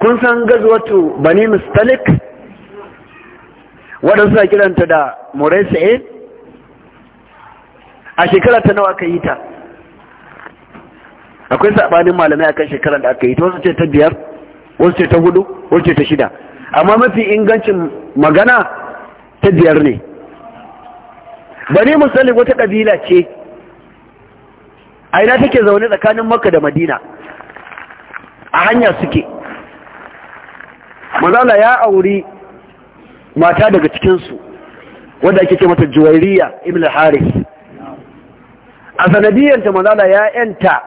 kun san wato bani mustalik waɗansu suna kiranta da morese eh? a shekara ta nawa aka yi ta akwai saɓanin malamai akan shekarar da aka yi ta wasu ce ta biyar wasu ce ta hudu wasu ce ta shida amma mafi ingancin magana ta biyar ne bani mustalik wata ƙabila ce a ina take zaune tsakanin maka da madina a hanya suke mazala ya auri mata daga cikinsu wadda ake ce mata juwairiya ibn al haris a sanadiyanta mazala ya yanta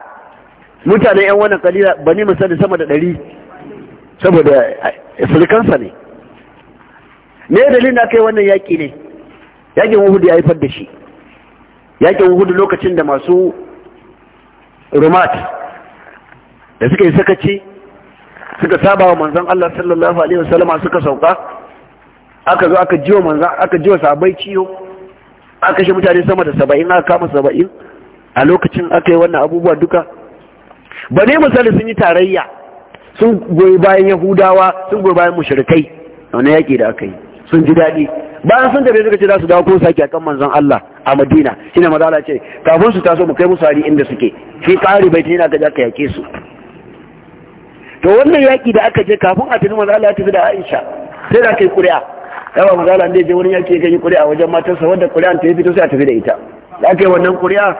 mutanen yan wannan kalila bani misali sama da ɗari saboda sulkansa ne ne dalilin da aka wannan yaƙi ne yaƙin wuhudu ya haifar da shi yaƙin wuhudu lokacin da masu rumat da suka yi sakaci suka saba wa manzan Allah sallallahu alaihi wasallama suka sauka aka zo aka jiwa manzan aka jiwa sabai ciyo aka shi mutane sama da saba'in aka kama saba'in a lokacin aka yi wannan abubuwa duka ba ne misali sun yi tarayya sun goyi bayan yahudawa sun goyi bayan mushrikai wani yaƙi da aka yi sun ji daɗi bayan sun tafi suka ce za su dawo ko sake kan manzan Allah a madina shine maza Allah ce kafin su taso mu kai musu hari inda suke fi qari baiti yana kaje ka yake su to wannan yaki da aka je kafin a tuni maza Allah ya tafi da Aisha sai da kai kuri'a yawa maza Allah ne je wurin yaki ya yi kuri'a wajen matarsa wanda kuri'an ta yi fito sai a tafi da ita da aka yi wannan kuri'a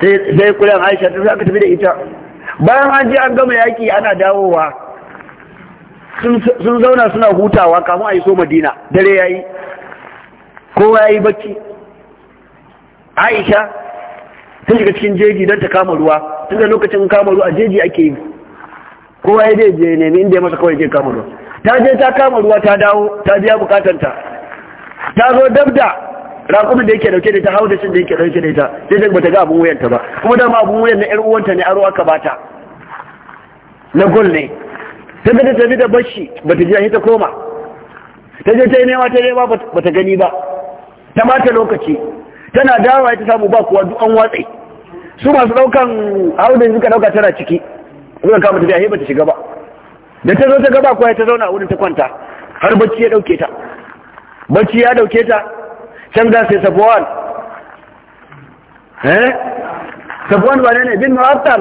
sai sai kuri'an Aisha ta sai aka tafi da ita bayan an je an gama yaki ana dawowa sun zauna suna hutawa kafin a yi so madina dare yayi kowa yayi bacci aisha ta shiga cikin jeji don ta kama ruwa tun da lokacin kama ruwa a jeji ake yi kowa ya je nemi inda ya masa kawai je kama ruwa ta je ta kama ruwa ta dawo ta biya bukatanta ta zo dab da raƙumin da yake dauke da ta hau da shi da yake dauke da ita sai dai bata ga abun wuyanta ba kuma dama abun wuyan na 'yar uwanta ne aro aka bata na gol ne ta da tafi da bashi bata ji ta koma ta je ta yi nema ta nema bata gani ba ta mata lokaci tana ya ta samu ba kuwa duk an watsi su masu daukan haudin suka dauka tana ciki suka kama tafiya ba ta shiga ba da ta zo ta gaba kuwa ta zauna a wurin ta kwanta har bacci ya dauke ta bacci ya dauke ta can za sai sabuwan eh sabuwan ba ne bin ma'aftar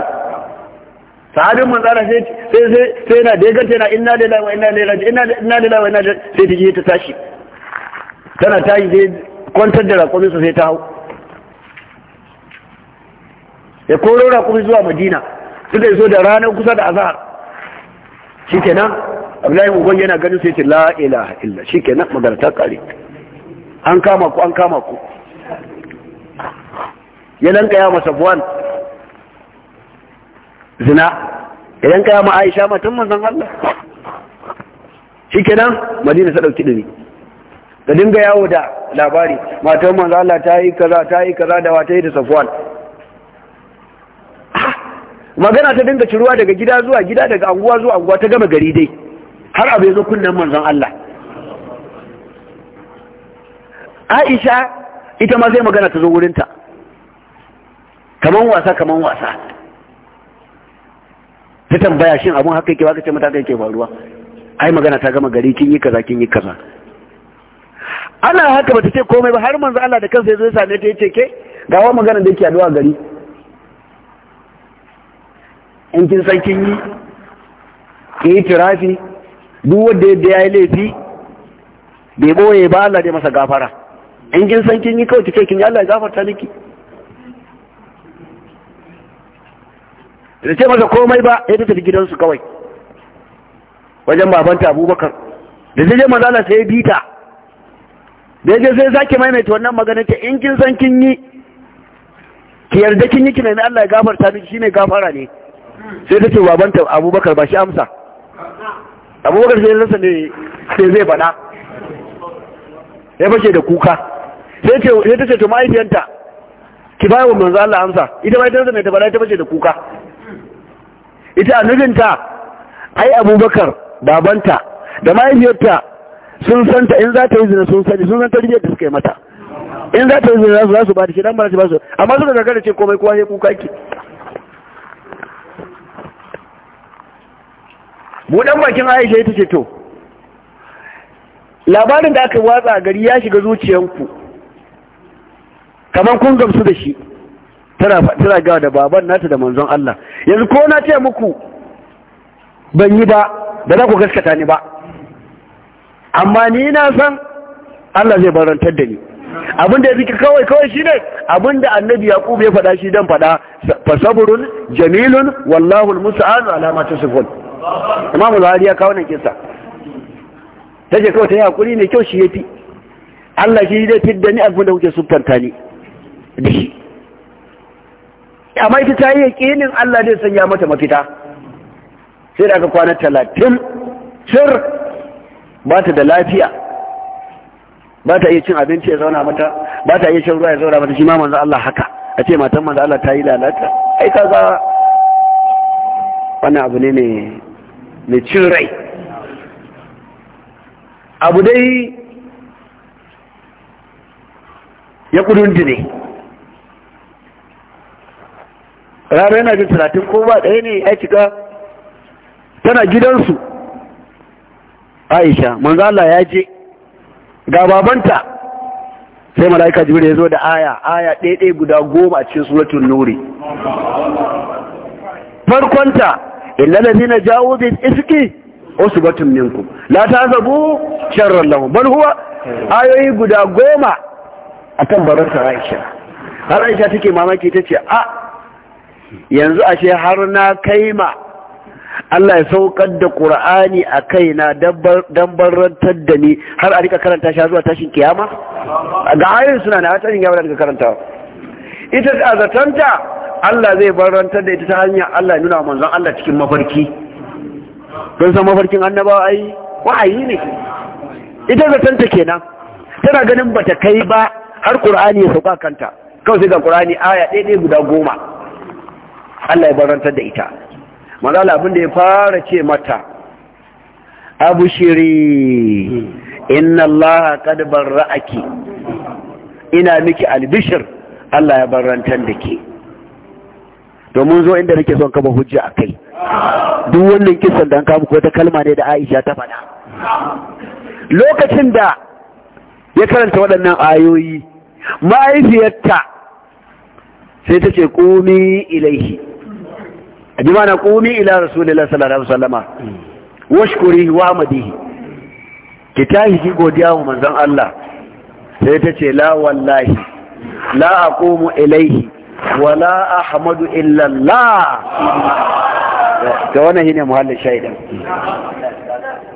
sahabin manzara sai sai sai na deganta yana inna lillahi wa inna ilaihi raji'un inna lillahi wa inna ilaihi sai ta je ta tashi tana tayi dai kwantar da raƙuminsa sai ta hau ya koro raƙumi zuwa madina suka iso da ranar kusa da azahar shi kenan abdullahi ugon yana ganin sai ce la ilaha illa shi ke nan ta kare an kama ku an kama ku ya kaya ya masa buwan zina ya kaya ya ma aisha matan manzan Allah shi nan madina ta ɗauki ɗumi da dinga yawo da labari matan manzo Allah ta yi kaza ta yi kaza da wata yi da Safwan ah! magana ta dinga ciruwa daga gida zuwa gida daga anguwa zuwa anguwa ta gama gari dai har abu ya zo kunnen manzon Allah Aisha ita ma sai magana ta zo wurinta kaman wasa kaman wasa ta tambaya shin abun haka yake ba ka ce mata kai ke faruwa ai magana ta gama gari kin yi kaza kin yi kaza ana haka ta ce komai ba har manzo Allah da kansa yazo ya same ta yace ke ga wa magana da yake addu'a gari in kin san kin yi ke yi tirafi duk wanda yadda yayi laifi bai boye ba Allah dai masa gafara in kin san kin yi kawai kike kin yi Allah ya gafarta miki da ce masa komai ba ya tafi gidansu kawai wajen babanta Abubakar da zai je manzo Allah sai ya bita da yake sai zaki maimaita wannan magana ta in kin san kin yi ki yarda kin yi ki nemi Allah ya gafarta miki shine gafara ne sai ta ce babanta Abubakar ba shi amsa Abubakar sai rasa ne sai zai faɗa ya fashe da kuka sai ce sai ta ce to mahaifiyanta ki bai wa manzo Allah amsa ita bai ta ne ta faɗa ta fashe da kuka ita annabinta ai Abubakar babanta da mahaifiyarta sun santa in za ta yi zina sun sani sun san tarbiyyar da suka yi mata in za ta yi zina za su ba da shi dan ba ba su amma suka gagara ce komai kowa ya kuka ki budan bakin Aisha ita ce to labarin da aka watsa a gari ya shiga zuciyanku kamar kun gamsu da shi tana gawa da baban nata da manzon Allah yanzu ko na ce muku ban yi ba da za ku gaskata ni ba amma ni na san Allah zai barantar da ni abin da ya fi kawai kawai shi ne abin da annabi yaqub ya faɗa shi dan faɗa fasabrun jamilun wallahu almusta'an ala ma tasifun imamu al ya kawo nan kisa take kawai ta yi hakuri ne kyau shi yafi Allah shi zai fidda ni abin da kuke sufanta ni da shi amma ita ta yi yaƙinin Allah zai sanya mata mafita sai da aka kwana talatin sir ba ta da lafiya ba ta iya cin abinci ya zauna mata ba ta iya shan ruwa ya zauna mata shi ma manzo Allah haka a ce matan manzo Allah ta yi lalata ai ka ga wannan abu ne mai cin rai abu dai ya kudin dine rana yana jin talatin ko ba ɗaya ne ya cika tana gidansu aisha manzo Allah ya je ga babanta sai malaika jibril ya zo da aya aya daidai guda goma a cikin suratul nuri farkonta illal ladina jawo bi iski usbatun minkum la tazabu sharran lahum bal huwa ayoyi guda goma akan barata aisha har aisha take mamaki tace a ah, yanzu ashe har na kaima Allah ya saukar da kur'ani a kaina dan barantar da ni har a rika karanta shi zuwa tashin kiyama ga ayoyin suna na tashin yawon da karanta ita a zatanta Allah zai barantar da ita ta hanyar Allah ya nuna manzon Allah cikin mafarki don san mafarkin annabawa ai wa'ayi ne ita zatanta kenan tana ganin bata kai ba har ƙurani ya sauka kanta kawai sai ga Qur'ani aya ɗaya guda goma Allah ya barantar da ita manzala abin da ya fara ce mata abu shiri inna Allah barra ake ina miki albishir Allah ya barrantar da ke domin zo inda nake son kama hujja a kai duk wannan kisan da an kama kuwa ta kalma ne da Aisha ta faɗa lokacin da ya karanta waɗannan ayoyi ma'aifiyarta sai ta ce komi ilaihi bi mana qumi ila rasulillahi sallallahu alaihi wasallama washkuri wa madihi ki tahi ki godiya wa manzon Allah sai ta ce la wallahi la aqumu ilaihi wa la ahmadu illa Allah Ta wannan shine muhallin shaidan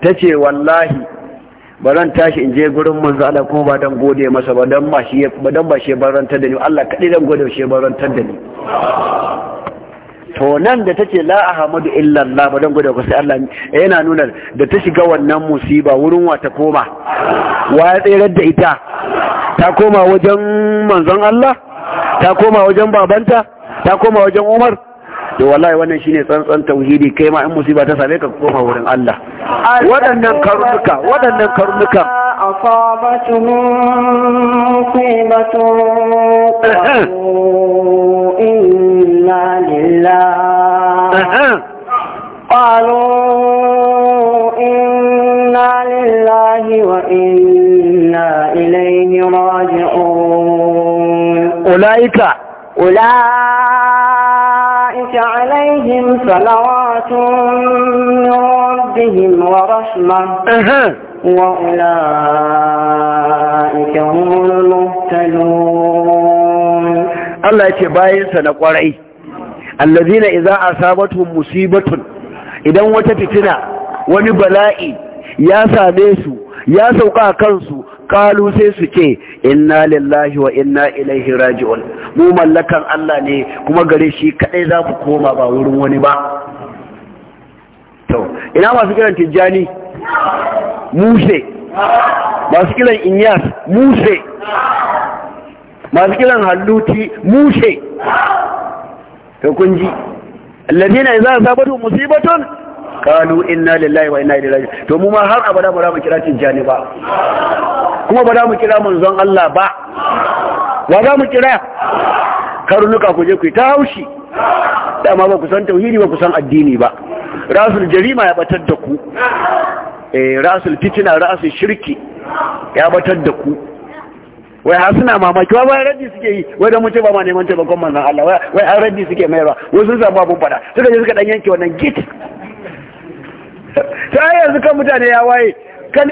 tace wallahi ba zan tashi in je gurin manzo Allah ko ba dan gode masa ba dan ba shi ba dan ba shi barantar da ni Allah kadai dan gode shi barantar da ni to nan da take la ahmadu illa Allah ba dan gode ku sai Allah yana nuna da ta shiga wannan musiba wurin wa ta koma wa ya tsere da ita ta koma wajen manzon Allah ta koma wajen babanta ta koma wajen Umar da wallahi wannan shine tsantsan tauhidi kai ma in musiba ta same ka koma wurin Allah waɗannan karnuka wadannan karnuka asabatuhum qimatu inna lillahi qalu inna lillahi wa inna ilayhi raji'un ulaika أولئك عليهم صلوات من ربهم ورحمة وأولئك هم المهتدون الله يتباين سنقرأي الذين إذا أصابتهم مصيبة إذا wata ونبلائي يا سادسو يا سوقا كنسو Salu sai su ce inna lillahi wa inna ilaihi raji'un mu mallakan Allah ne kuma gare shi kadai za ku koma ba wurin wani ba to ina masu kiran tijjani muse masu kiran inyas muse masu kiran halluti muse to kun ji allazina idza asabatu musibatun kalu inna lillahi wa inna ilaihi raji'un to mu ma har abada mu ramu mu kira jani ba kuma ba za mu kira manzon Allah ba wa za mu kira karnuka ku je ku ta haushi dama ba ku san tauhidi ba ku san addini ba rasul jarima ya batar da ku eh rasul fitina rasul shirki ya batar da ku wai har suna mamaki wai raddi suke yi wai da ce ba ma neman taimakon manzon Allah wai har raddi suke ba? wai sun samu abun fada suka je suka dan yanke wannan git ta yanzu kan mutane ya waye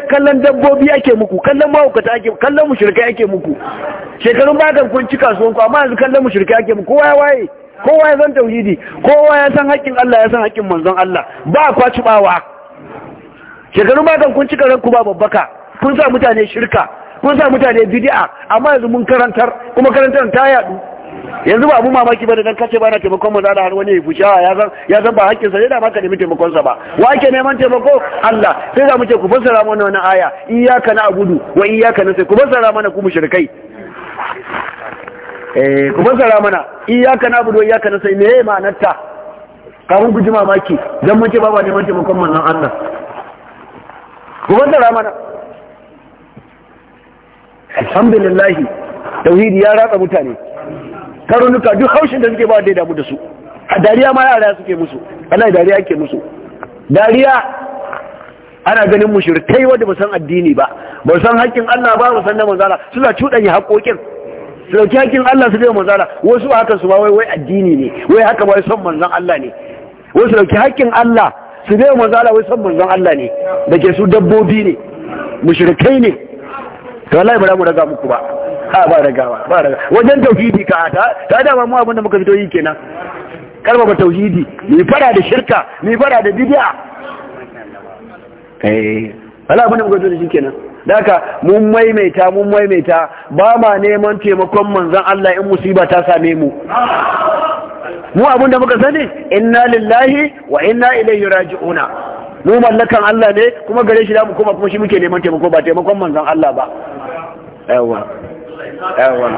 kallon dabbobi ake muku kallon mahaukata ake kallon mushrikai ake muku shekarun bakan kun cika kasuwan ku amma yanzu kallon mushrikai ake muku kowa ya waye kowa ya san tauhidi kowa ya san haƙƙin Allah ya san haƙƙin manzon Allah ba kwa cibawa shekarun bakan kun cika ranku ba babbaka kun sa mutane shirka kun sa mutane bid'a amma yanzu mun karantar kuma karantar ta yadu yanzu ba abu mamaki ba da dan kace ba na taimakon manzo da har wani ya fushawa ya san ya san ba hakkin sa ne da ba ka nemi taimakon sa ba wa ake neman taimako Allah sai za mu ce ku fassara mana wannan aya iyyaka na'budu wa iyyaka nasta'in ku fassara mana ku mushrikai eh ku fassara mana iyyaka na'budu wa iyyaka nasta'in me ma'anar ta ka mun guji mamaki dan mun ce ba ba neman taimakon manzo Allah ku fassara mana alhamdulillah tauhidi ya ratsa mutane karunuka duk haushin da suke ba da damu da su a dariya ma yara suke musu ana dariya ake musu dariya ana ganin mushrikai wanda ba san addini ba ba san haƙƙin Allah ba ba san na manzala suna cuɗanya haƙoƙin su dauki haƙƙin Allah su dai manzala wasu ba haka su ba wai addini ne wai haka ba wai son manzan Allah ne wasu dauki haƙƙin Allah su dai manzala wai son manzan Allah ne da ke su dabbobi ne mushrikai ne to wallahi ba za mu raga muku ba a ba ragawa ba wajen tauhidi ka ta ta dama mu abinda muka fito yi kenan karba ba tauhidi mai fara da shirka mai fara da bid'a eh wala abinda muka fito da shi kenan daka mun maimaita mun maimaita ba ma neman taimakon manzon Allah in musiba ta same mu mu abinda muka sani inna lillahi wa inna ilaihi raji'una mu mallakan Allah ne kuma gare shi da mu kuma kuma shi muke neman taimako ba taimakon manzon Allah ba yawa yawa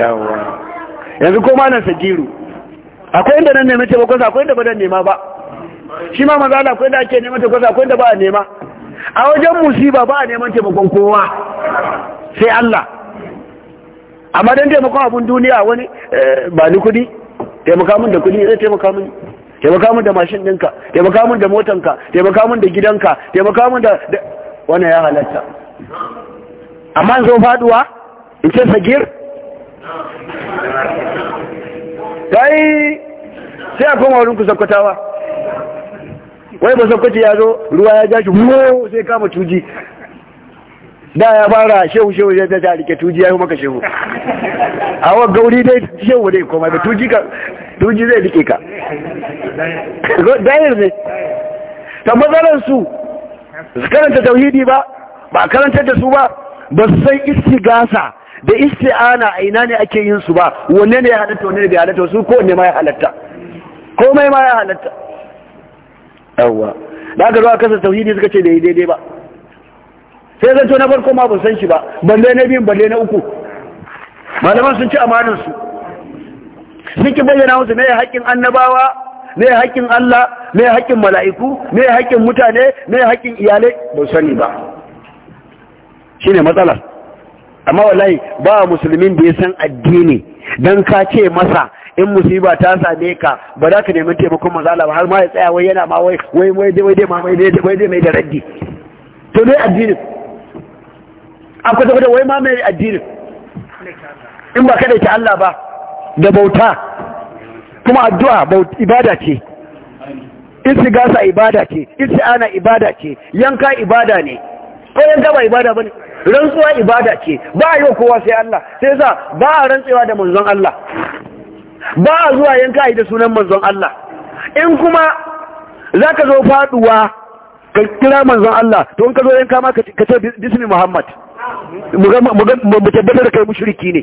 yawa yanzu ko malam sajiru akwai inda nan neman taimakon akwai inda ba dan nema ba shi ma maza da akwai inda ake neman taimakon akwai inda ba a nema a wajen musiba ba a neman taimakon kowa sai Allah amma dan taimakon abun duniya wani eh, ba ni kudi taimaka min da kudi zai taimaka min taimaka min da mashin ɗinka taimaka min da motanka taimaka min da gidanka taimaka min da wannan ya halatta amma zo faduwa in ce sagir kai sai a koma wurin ku sakkwatawa wai ba sakkwaci ya zo ruwa ya ja shi sai kama tuji da ya fara shehu shehu ya ta rike tuji ya yi maka shehu a wa gauri dai shehu dai koma da tuji ka tuji zai rike ka dayar ne ta matsalar su karanta tauhidi ba ba karanta da su ba ba su san istigasa da isti'ana a ina ne ake yin su ba wanne ne ya halatta wanne ne bai halatta su ko wanne ma ya halatta ko mai ma ya halatta yawwa da aka zuwa a tauhidi suka ce bai daidai ba sai zanto na farko ma ban san shi ba balle na biyun balle na uku malaman sun ci amanin su sun ki bayyana musu me haƙƙin annabawa me haƙƙin Allah me haƙƙin mala'iku me haƙƙin mutane me haƙƙin iyalai ba sani ba Shi ne matsalar amma wallahi ba musulmin da ya san addini don ka ce masa in musiba ta same ka ba za ka nemi taimakon matsala ba har ma ya tsaya wai yana ma wai wai wai dai wai dai dai wai dai mai da raddi to dai addini akwai kwata kwata wai ma mai addini in ba kada ta Allah ba da bauta kuma addu'a ibada ce istigasa ibada ce isti'ana ibada ce yanka ibada ne ko yanka ba ibada bane rantsuwa ibada ce ba a yau kowa sai Allah sai sa ba a rantsewa da manzon Allah ba a zuwa yanka a yi da sunan manzon Allah in kuma za ka zo faduwa ka kira manzon Allah to in ka zo yanka ma ka ce bismi Muhammad mu tabbatar da kai mushriki ne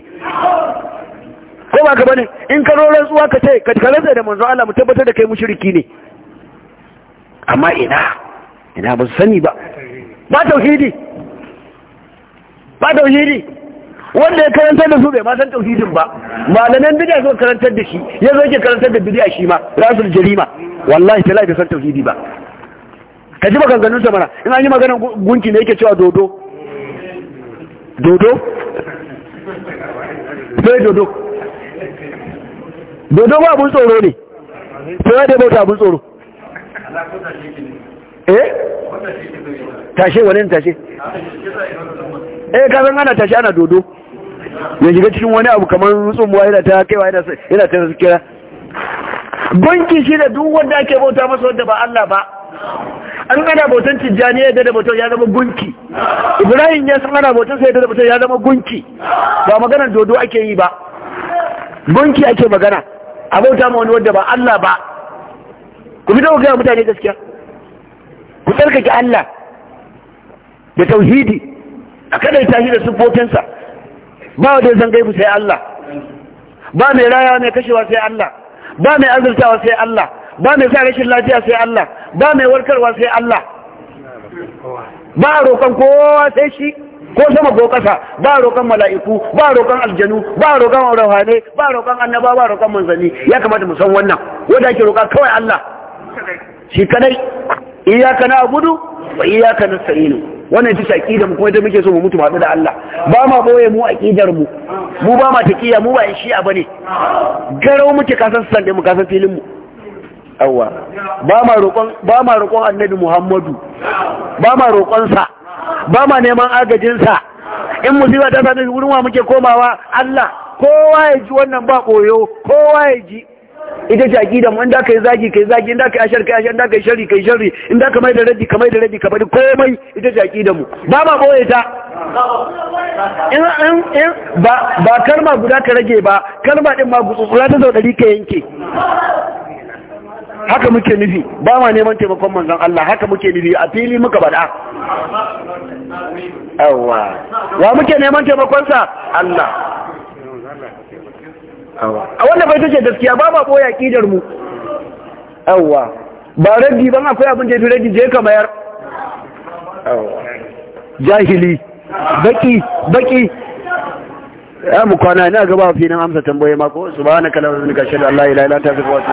ko ba ka bane in ka zo rantsuwa ka ce ka kalanta da manzon Allah mu tabbatar da kai mushriki ne amma ina ina ba su sani ba ba tauhidi ba tauhidi wanda ya karantar da su bai ma san tauhidin ba malaman bid'a zo karantar da shi ya zo yake karantar da bid'a shi ma rasul jarima wallahi ta lafi san tauhidi ba ka ji maganganun ganin mana in an yi maganar gunki ne yake cewa dodo dodo sai dodo dodo ba abun tsoro ne sai da bauta abun tsoro eh tashe wani tashe eh ka san ana tashi ana dodo ya shiga cikin wani abu kamar tsumbuwa yana ta kaiwa yana ta kira gunki shi da duk wanda ake bauta masa wanda ba Allah ba an gana bautan tijjani ya da bautan ya zama gunki ibrahim ya san ana bautan sai da bautan ya zama gunki ba maganar dodo ake yi ba gunki ake magana a bauta ma wani wanda ba Allah ba ku fito ku gaya mutane gaskiya ku tsarkake Allah da tauhidi a kada ta shi da siffofinsa ba wa zan san gaibu sai Allah ba mai raya mai kashewa sai Allah ba mai azurtawa sai Allah ba mai sa rashin lafiya sai Allah ba mai warkarwa sai Allah ba a roƙon kowa sai shi ko sama ko ƙasa ba a roƙon mala'iku ba a roƙon aljanu ba a roƙon rauhane ba a roƙon annaba ba a roƙon manzanni ya kamata mu san wannan wanda ake roƙa kawai Allah shi kadai iyaka na abudu wa iyaka nasta'inu wannan ita a mu kuma ita muke so mu mutu haɗu da Allah ba ma boye mu aqidar mu mu ba ma taqiya mu ba shi'a bane garau muke kasan sande mu kasan filin mu awwa ba ma roƙon ba ma roƙon annabi Muhammadu ba ma roƙon sa ba ma neman agajin sa in musiba ta sami wurin wa muke komawa Allah kowa ya ji wannan ba koyo kowa ya ji ita ce aqida mu inda kai zagi kai zagi inda kai ashar kai ashar inda kai sharri kai shari inda ka mai da rabi ka mai da rabi ka bari komai ita ce aqida mu ba ma boye ta in in ba ba kalma guda ka rage ba kalma din ma gutsutsura ta zaudari ka yanke haka muke nufi ba ma neman taimakon manzon Allah haka muke nufi a fili muka bada yawa wa muke neman taimakon sa Allah a wannan bai tace gaskiya ba ba boye kidar mu awwa ba raddi ban akwai abin da ya fi raddi je ka bayar jahili baki baki ya mu kwana ina gaba fi nan amsa tambaye mako subhanaka la ilaha illa anta astaghfiruka